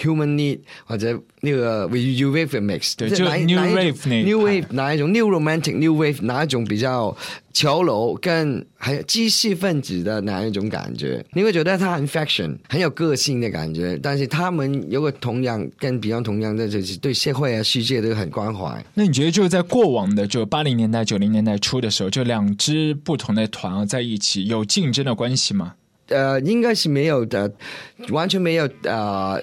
Human need 或者那個 new wave mix，對就 new、是、wave new wave 哪一種，new, wave，哪一種、啊、new romantic new wave 哪一種比較潮流，跟，還有激進分子的哪一種感覺？你會覺得佢很 fashion，很有個性的感覺，但是他們有個同樣跟比較同樣，那就是對社會啊、世界都很關懷。那你覺得就是在過往的就八零年代、九零年代初的時候，就兩支不同的團在一起有競爭的關係嗎？呃，應該是沒有的，完全沒有啊。呃